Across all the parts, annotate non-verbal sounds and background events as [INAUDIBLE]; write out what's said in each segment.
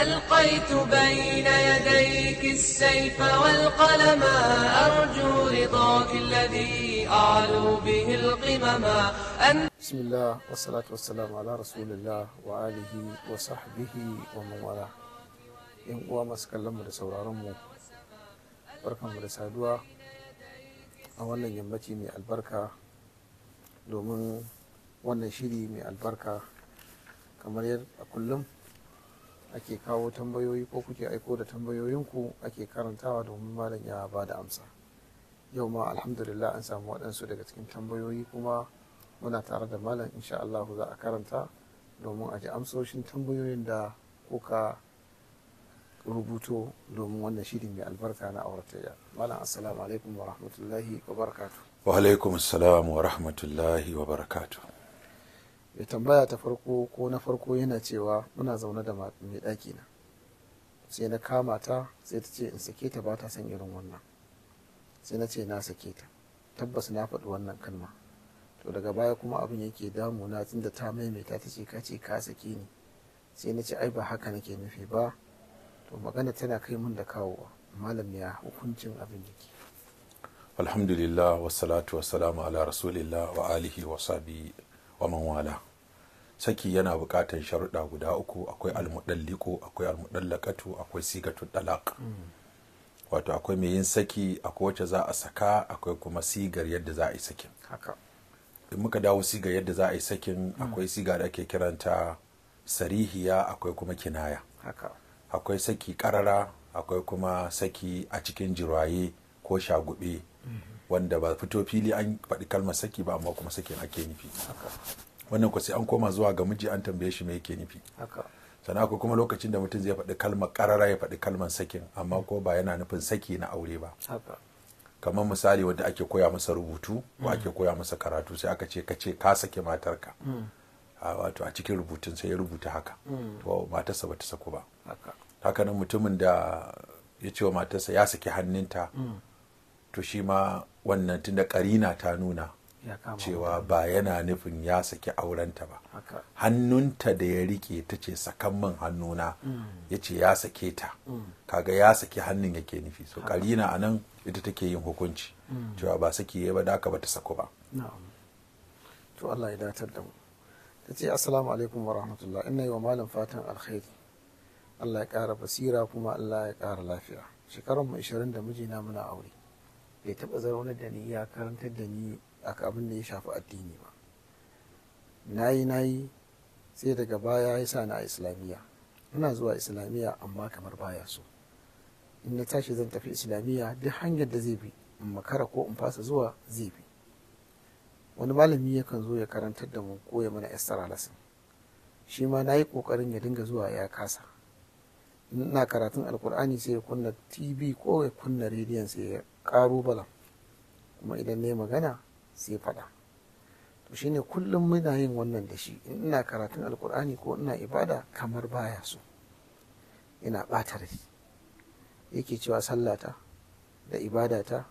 ألقيت بين يديك السيف والقلم أرجو رضاك الذي أعلو به القمم بسم الله والصلاة والسلام على رسول الله وآله وصحبه ومن والاه إن هو ما سكلم من سورة رمو بركة من سادوة أولا ينبتي من البركة لومن wannan shiri mai albarka kamar yadda ake kawo tambayoyi ko kuke aiko da tambayoyinku ake karantawa domin malam ya ba da amsa yau ma alhamdulillah an samu waɗansu daga cikin tambayoyi kuma muna tare da malam insha Allah za a karanta domin a ji amsoshin tambayoyin da kuka rubuto domin wannan shiri mai albarka na auratayya malam assalamu alaikum wa rahmatullahi wa barakatu wa alaikum assalam wa rahmatullahi wa barakatu ya tambaya ta farko ko na farko yana cewa muna zaune da mai ɗaki na sai na kama ta sai ta ce in sake ta ba ta son irin wannan sai na ce na sake ta tabbas na faɗi wannan kalma to daga baya kuma abin yake damuna tunda ta maimaita ta ce ka ce ka sake ni sai na ce ai ba haka nake nufi ba to magana tana kai mun da kawowa malam ya hukuncin abin yake alhamdulillah wassalatu wassalamu ala rasulillah wa alihi wa sahbihi wa man wala saki yana buƙatar sharuɗa guda uku akwai almuɗalliku akwai almuɗallakatu akwai sigatun dalak wato akwai mai yin saki akwai wacce za a saka akwai kuma sigar yadda za a yi sakin in muka dawo sigar yadda za a yi sakin akwai siga da ake kiranta sarihiya akwai kuma kinaya akwai saki karara akwai kuma saki a cikin jiraye ko shagube mhm. wanda ba fito fili an faɗi kalmar saki ba amma kuma sakin ake nufi wannan ku sai an koma zuwa ga miji an tambaye shi me yake nufi sannan akwai kuma lokacin da mutum zai faɗi kalmar ƙarara ya faɗi kalmar sakin amma ko ba yana nufin saki na aure ba kamar misali wanda ake koya masa rubutu ko ake mm. koya masa karatu sai aka ce ka ce ka sake matarka mm. wato a cikin rubutun sai ya rubuta haka mm. to matarsa bata sako ba haka nan mutumin da ya ce wa matarsa ya saki hannunta to shi ma wannan tunda karina ta nuna cewa ba yana nufin ya saki aurenta ba hannunta da ya rike ta ce sakan hannuna mm. ya ce ya sake ta mm. kaga ya saki hannun yake nufi so karina a nan ita take yin hukunci mm. cewa ba saki ya ba da aka ba ta sako ba to Allah ya datar da mu ta ce assalamu alaikum wa rahmatullah ina yi wa malam fatan alkhairi Allah ya ƙara basira kuma Allah ya ƙara lafiya shekaran mu 20 da mijina muna aure bai taɓa zaune da ni ya karantar da ni aka abin da ya shafi addini ba na yi na yi sai daga baya ya sa na a islamiyya ina zuwa islamiyya amma kamar baya so in na tashi zan tafi islamiyya duk hanyar da zai bi in makara ko in fasa zuwa zai bi wani malami yakan zo ya karantar da mu ko ya mana estara lesson shi ma na yi ƙoƙarin ya dinga zuwa ya kasa ina karatun alkur'ani sai ya kunna tv ko ya kunna rediyon sai ya ƙaro bala kuma idan ne magana sai faɗa to shine kullum muna yin wannan da shi in ina karatun alkur'ani ko ina ibada kamar baya so ina ɓata rai yake cewa sallata da ibadata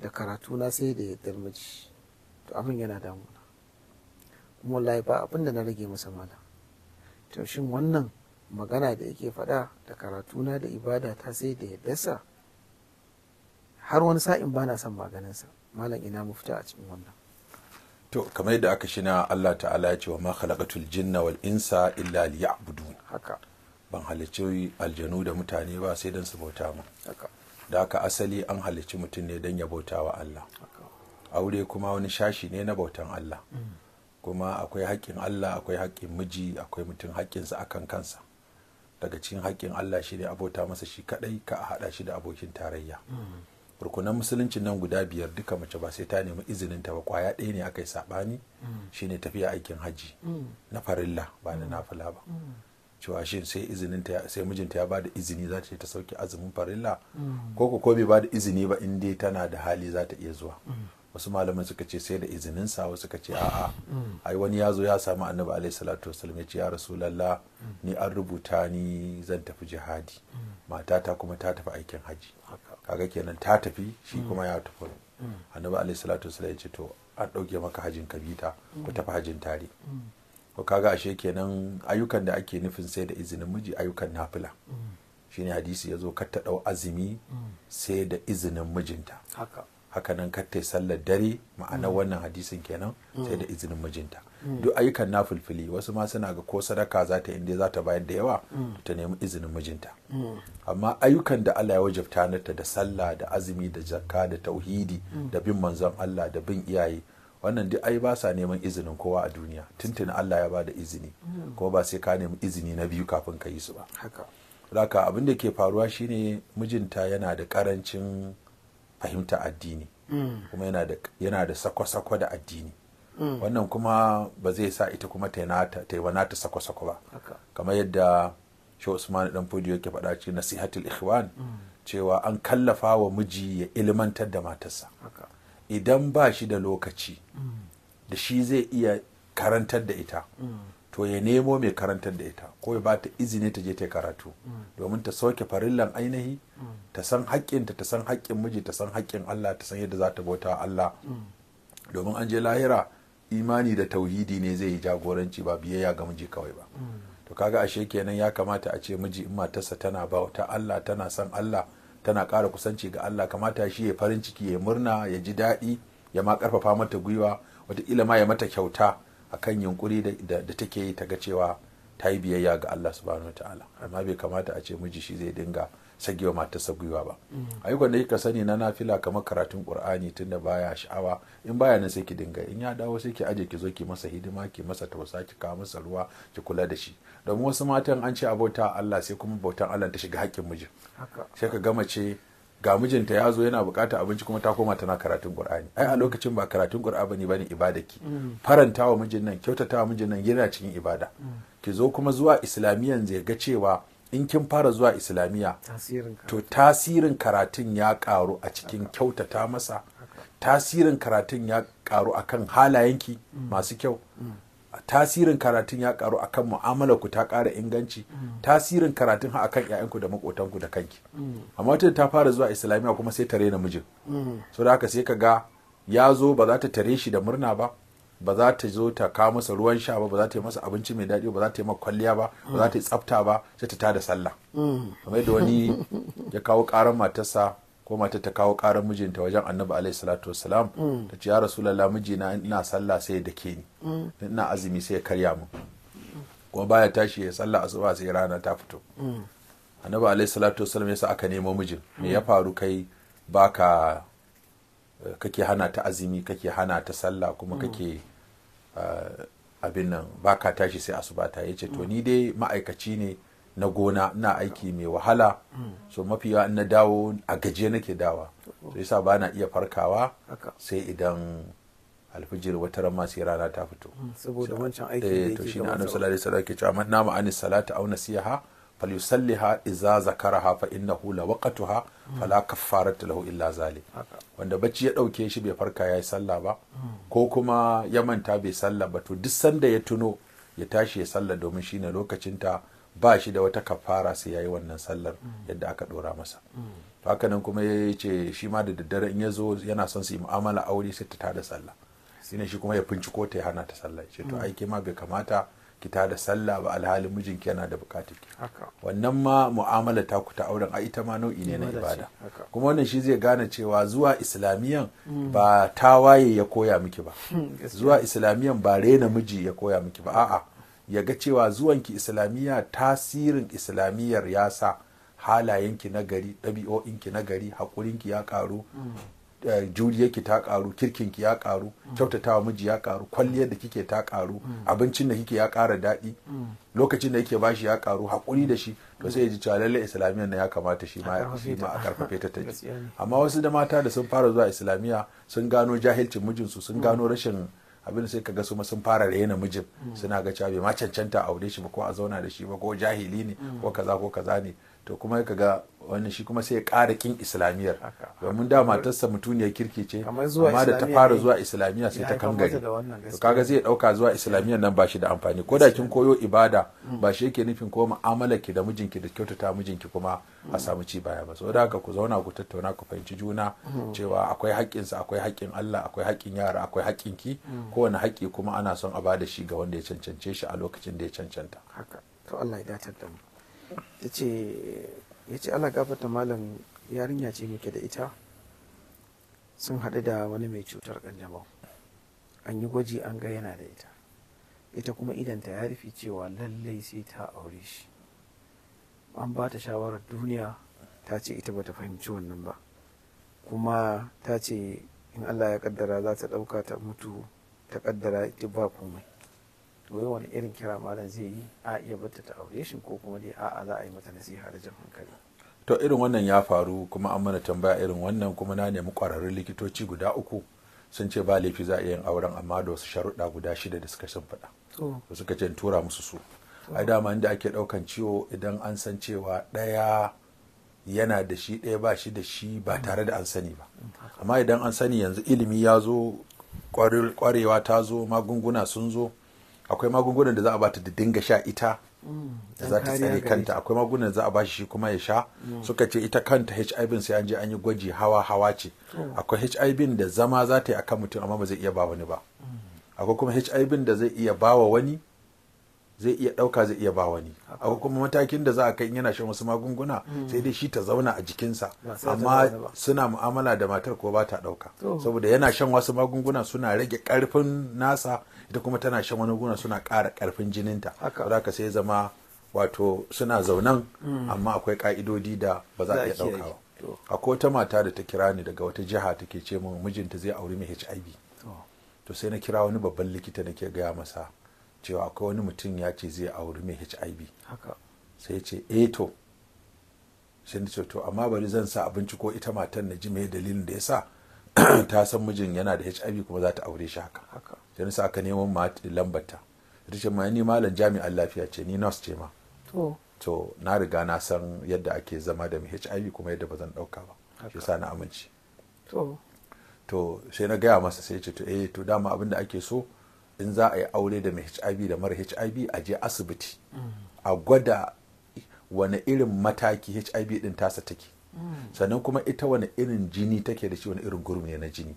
da karatuna sai da yaddar miji to abin yana damuna kuma wallahi ba abin na rage masa mana to shin wannan magana da yake faɗa da karatuna da ibadata sai da yaddarsa har wani sa'in ba na son maganinsa malam ina mafita a cikin wannan to kamar yadda aka shina Allah ta'ala ya ce wa ma khalaqatul jinna wal insa illa liya'budun haka ban halicci aljanu da mutane ba sai dan su bauta mu haka da aka asali an halicci mutum ne dan ya bauta wa Allah aure kuma wani shashi ne na bautan Allah mm. kuma akwai haƙƙin Allah akwai haƙƙin miji akwai mutum haƙƙinsa akan kansa daga cikin haƙƙin Allah shi ne abota masa shi kaɗai ka a haɗa shi da abokin tarayya mm. rukunan musuluncin nan guda biyar duka mace ba sai ta nemi izinin ta ba kwaya ɗaya ne aka yi saɓani shine tafiya aikin hajji na farilla ba na nafila ba cewa shi sai izinin ta sai mijinta ya bada izini za ta ta sauke azumin farilla ko ko bai bada izini ba in dai tana da hali za ta iya zuwa wasu malaman suka ce sai da izinin sa wasu suka ce a'a ai wani ya zo ya samu annabi alaihi salatu wasallam ya ce ya rasulullah ni an rubuta ni zan tafi jihadi matata kuma ta tafi aikin hajji. kaga kenan ta tafi shi mm. kuma ya tafi mm. annabi alayhi salatu wasallam ya ce to an ɗauke maka hajin kabita ku mm. tafi hajin tare ko kaga ashe kenan ayyukan da ake nufin sai da izinin miji ayyukan nafila shine hadisi ya zo kar ta ɗau azumi sai da izinin mijinta haka haka hakanan katta sallar dare ma'ana mm. wannan hadisin kenan mm. sai da izinin mijinta mm. duk ayyukan na fulfili wasu ma suna ga ko sadaka za ta inda za ta bayar da yawa ta nemi izinin mijinta amma ayyukan da Allah ya wajabta nata da sallah da azumi da zakka da tauhidi da bin manzon Allah da bin iyaye wannan duk ai ba sa neman izinin kowa a duniya tuntun Allah ya ba da izini kuma ba sai ka nemi izini na biyu kafin ka yi su ba haka abin da ke faruwa shine mijinta yana da karancin fahimta addini mm. kuma yana da sako-sako da addini mm. wannan kuma ba zai sa ita kuma ta yi wa nata sako-sako ba kamar yadda shi usman dan fudu yake faɗa ci nasihatul ikhwan mm. cewa an kallafa wa miji ya ilmantar da matarsa idan ba shi da lokaci da shi zai iya karantar da ita to ya nemo mai karantar da ita ko ya ba ta izini ta je ta karatu domin ta soke farillan ainihi ta san haƙƙinta ta san haƙƙin miji ta san haƙƙin Allah ta san yadda za ta bauta Allah domin an je lahira imani da tauhidi ne zai yi jagoranci ba biyayya ga miji kawai ba to kaga ashe kenan ya kamata a ce miji in matarsa tana bauta Allah tana san Allah tana ƙara kusanci ga Allah kamata shi ya farin ciki ya murna ya ji daɗi ya ma ƙarfafa mata gwiwa wata ma ya mata kyauta akan yunkuri da take yi ta ga cewa ta yi biyayya ga Allah subhanahu wa ta'ala amma bai kamata a ce miji shi zai dinga sagewa matarsa gwiwa ba mm. ayyukan da kika sani na nafila kamar karatun qur'ani tunda baya sha'awa in baya nan sai ki dinga in ya dawo sai ki aje ki zo ki masa hidima ki masa tausa ki kawo masa ruwa ki kula da shi domin wasu matan an ce abota Allah sai kuma bautan Allah ta shiga haƙƙin mijin sai ka gama ce ga mijinta ya zo yana bukata abinci kuma ta koma tana karatun qur'ani ai a lokacin ba karatun qur'ani bane ibada ki mm. faranta wa mijin nan kyautata wa mijin nan yana cikin ibada mm. ki zo kuma zuwa islamiyan zai ga cewa in kin fara zuwa islamiya to tasirin karatun ya karu a cikin kyautata masa tasirin karatun ya karu akan halayenki mm. masu kyau tasirin karatun ya karu akan mu'amalar ku ta kara inganci tasirin karatun ha akan ƴaƴanku da makotanku da kanki amma wata ta fara zuwa islamiyya kuma sai tare namijin. so da haka sai ka ga ya zo ba za ta tare shi da murna ba ba za ta zo ta kawo masa ruwan sha ba ba za ta yi masa abinci mai daɗi ba za ta yi masa kwalliya ba ba za ta yi tsafta ba sai ta tada sallah mm. kamar yadda wani ya kawo karan matarsa ko mata ta kawo karar mijinta wajen annabi alaihi salatu wasalam mm. ta ce ya lalla mijina ina sallah sai da ke ni mm. ina azumi sai ya karya mu kuma baya tashi ya sallah asuba sai rana ta fito mm. annabi alaihi salatu wassalam yasa aka nemo mijin me ya faru kai baka eh, kake hana ta azumi kake hana ta sallah kuma kake eh, abin nan baka tashi sai asuba ta yace to ni dai ma'aikaci ne na gona ina aiki mai wahala so mafi yawa na dawo a gaje nake dawa so yasa ba na iya farkawa sai idan alfijir wata rama sai rana ta fito mm, saboda wancan aiki da eh, yake to shine annabi sallallahu alaihi wasallam yake cewa man nama anis salata aw nasiha falyusalliha idza zakaraha fa innahu la fala kaffarata lahu illa zali. wanda bacci ya dauke shi bai farka yayi sallah ba mm. ko kuma ya manta bai sallah ba to duk sanda ya tuno ya tashi ya sallah domin shine lokacin ta ba shi da wata kafara sai ya yi wannan sallar yadda aka dora masa to haka nan kuma ya ce shi ma da daddare in ya zo yana son su yi mu'amala aure sai ta tada sallah ne shi kuma ya finciko ta ya hana ta sallah ce to aiki ma bai kamata ki tada sallah ba alhali mijinki yana da bukatar ki wannan ma mu'amala ta ku ta auren a ita ma nau'i ne na ibada kuma wannan shi zai gane cewa zuwa islamiyan ba waye ya koya miki ba [LAUGHS] zuwa islamiyan ba rena miji ya koya miki ba a'a ya ga cewa zuwanki islamiyya tasirin islamiyyar ya sa halayenki na gari ɗabi'o'inki na gari haƙurinki ya ƙaru mm. eh, juliyarki ta ƙaru kirkinki ya ƙaru mm. kyautatawa miji ya ƙaru kwalliyar da kike ta ƙaru mm. abincin da kike ya ƙara daɗi lokacin da kike bashi ya ƙaru haƙuri da shi to sai ya ji cewa lallai islamiyyar na ya kamata shi ma a ƙarfafe ta taji [LAUGHS] amma wasu da mata da sun fara zuwa islamiyya sun gano jahilcin mijinsu sun gano rashin abin sai ka ga su sun fara raina mijin suna ga cewa bai ma cancanta aure shi ba ko a zauna da shi ba ko jahili ne ko kaza ko kaza ne to kuma ka ga wani shi kuma sai ya kara kin islamiyar. domin da matarsa mutuniya kirki ce amma da ta fara zuwa islamiyya sai ta kangare to kaga zai ɗauka zuwa islamiyar nan ba shi da amfani ko da kin koyo ibada mm. ba shi yake nufin ko mu'amalar ki da mijinki da kyautata mijinki kuma a mm. samu ci baya ba saboda haka ku zauna ku tattauna ku fahimci juna mm. cewa akwai sa akwai haƙƙin Allah akwai haƙƙin yara akwai haƙƙin ki kowane haƙƙi kuma ana son a bada shi ga wanda ya cancance shi a lokacin da ya cancanta haka to Allah ya dace ya ce ala gafata malam yarinya ce muke da ita sun haɗu da wani mai cutar ƙanjamau an yi gwaji an ga yana da ita ita kuma idanta ya rufe cewa lallai sai ta aure shi an ba ta shawarar duniya ta ce ita bata fahimci wannan ba kuma ta ce in allah ya kaddara za ta ɗauka ta mutu ta kaddara ita ba komai wai wani irin kira malam zai yi a iya bata ta aure shi ko kuma dai a'a za a yi mata nasiha da jan hankali to irin wannan ya faru kuma an mana tambaya irin wannan kuma na nemi kwararrun likitoci guda uku sun ce ba laifi za a yin auren amma da wasu sharuɗa guda shida da suka sun faɗa suka ce tura musu su ai dama inda ake ɗaukan ciwo idan an san cewa ɗaya yana da shi ɗaya ba shi da shi ba tare da an sani ba amma idan an sani yanzu ilimi ya zo ƙwarewa ta zo magunguna sun zo akwai magungunan da za a bata da dinga sha ita mm, da za ta tsare kanta akwai magungunan da za a ba shi kuma ya sha mm. suka ce ita kanta HIV sai an je an yi gwaji hawa hawa ce akwai HIV da zama za ta yi akan mutum amma ba zai iya ba wani ba mm. akwai kuma HIV da zai iya ba wa wani zai iya ɗauka zai iya ba wani akwai kuma matakin da za a kai yana shan wasu magunguna mm. sai dai shi ta zauna a jikinsa amma suna mu'amala da matar ko ba ta ɗauka saboda yana shan wasu magunguna suna rage ƙarfin nasa ita kuma tana shan wani guna suna ƙara ƙarfin jininta za ka sai zama wato suna zaunan mm. amma akwai ƙa'idodi da ba za a iya ɗauka ba akwai wata mata da ta kira ni daga wata jiha take ce min mijinta zai auri mai HIV to sai na kira wani babban likita nake gaya masa cewa akwai wani mutum ya ce zai auri mai hiv sai ce eh to shi ne ce to amma bari zan sa abinci ko ita matan na ji mai dalilin da ya sa [CLEARS THROAT] ta san mijin yana da hiv kuma za ta aure shi haka sai sa aka neman lambata ita ce ma ni malam jami'an lafiya ce ni nurse ce ma to na riga na san yadda ake zama da mai hiv kuma yadda ba zan dauka ba shi sa na amince to sai na gaya masa sai ce to eh to dama abin da ake so in za a yi aure da mai hiv da mara hiv a je asibiti a gwada wani irin mataki hiv din tasa take sannan kuma ita wani irin jini take da shi wani irin gurmi na jini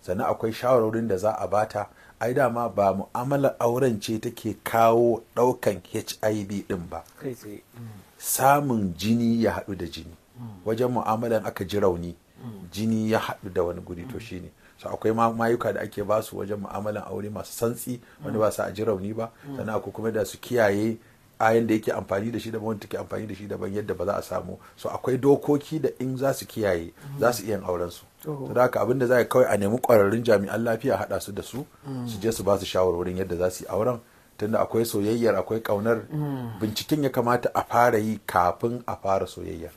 sannan akwai shawarorin da za a bata ai dama ba mu'amalar auren ce take kawo ɗaukan hiv din ba samun jini ya haɗu da jini mm. wajen mu'amalan aka ji rauni mm. jini ya haɗu da wani guri to shine so akwai mayuka da ake basu wajen mu'amalan aure masu santsi wani ba su a ji rauni ba mm. sannan akwai kuma da su kiyaye ayan da yake amfani da shi daban wanda take amfani da shi daban yadda ba za a samu so akwai dokoki da in za su kiyaye mm. za su iya auren su oh. da haka abinda za kawai a nemi kwararrun jami'an lafiya haɗa su da su mm. su je su ba su shawarwarin yadda za su yi auren tunda akwai soyayyar akwai kaunar binciken ya kamata a fara yi kafin a fara soyayyar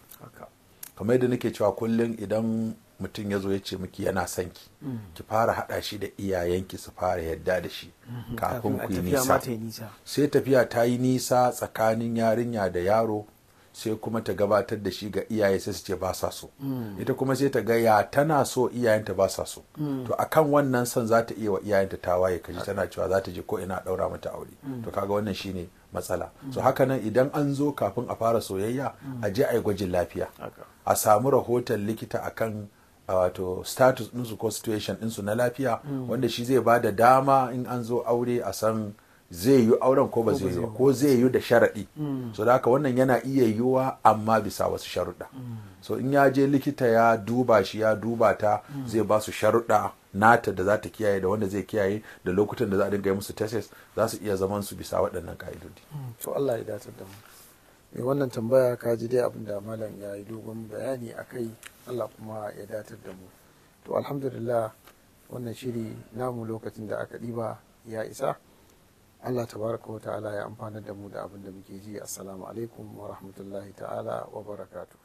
kamar yadda nake cewa kullum idan mutum ya zo ya ce miki yana son ki ki fara haɗa shi da iyayenki su fara yadda da shi mhm. kafin ku yi nisa sai tafiya ta yi nisa tsakanin yarinya da yaro sai kuma ta gabatar da shi ga iyaye sai su ce ba sa so mm. ita kuma sai ta ga ya tana so iyayenta ba sa so mm. to akan wannan son za ta iya wa iyayenta ta waye ji tana cewa za ta je ko ina daura mata aure mm. to kaga wannan shine matsala so haka nan idan an zo kafin a fara soyayya a je a yi gwajin lafiya a samu rahoton likita akan wato status ɗinsu ko situation ɗinsu na lafiya wanda shi zai ba da dama in an zo aure a san zai yi auren ko ba zai yi ko zai yi da sharaɗi mm. so da haka wannan yana iya yiwuwa amma bisa wasu sharuɗa mm. so in ya je likita ya duba shi ya duba ta mm. zai ba su sharuɗa nata da za ta kiyaye da wanda zai kiyaye da lokutan da za a dinga yi musu tesis za su iya zaman su bisa waɗannan ka'idodi So, Allah ya dace da mai eh, wannan tambaya ka ji dai abin da malam ya yi dogon bayani a kai allah kuma ya datar da mu to alhamdulillah wannan shiri namu lokacin da aka ɗiba ya isa allah tabaraka wa ta'ala ya amfanar da mu da abin da muke ji assalamu alaikum wa rahmatullahi ta'ala wa barakatu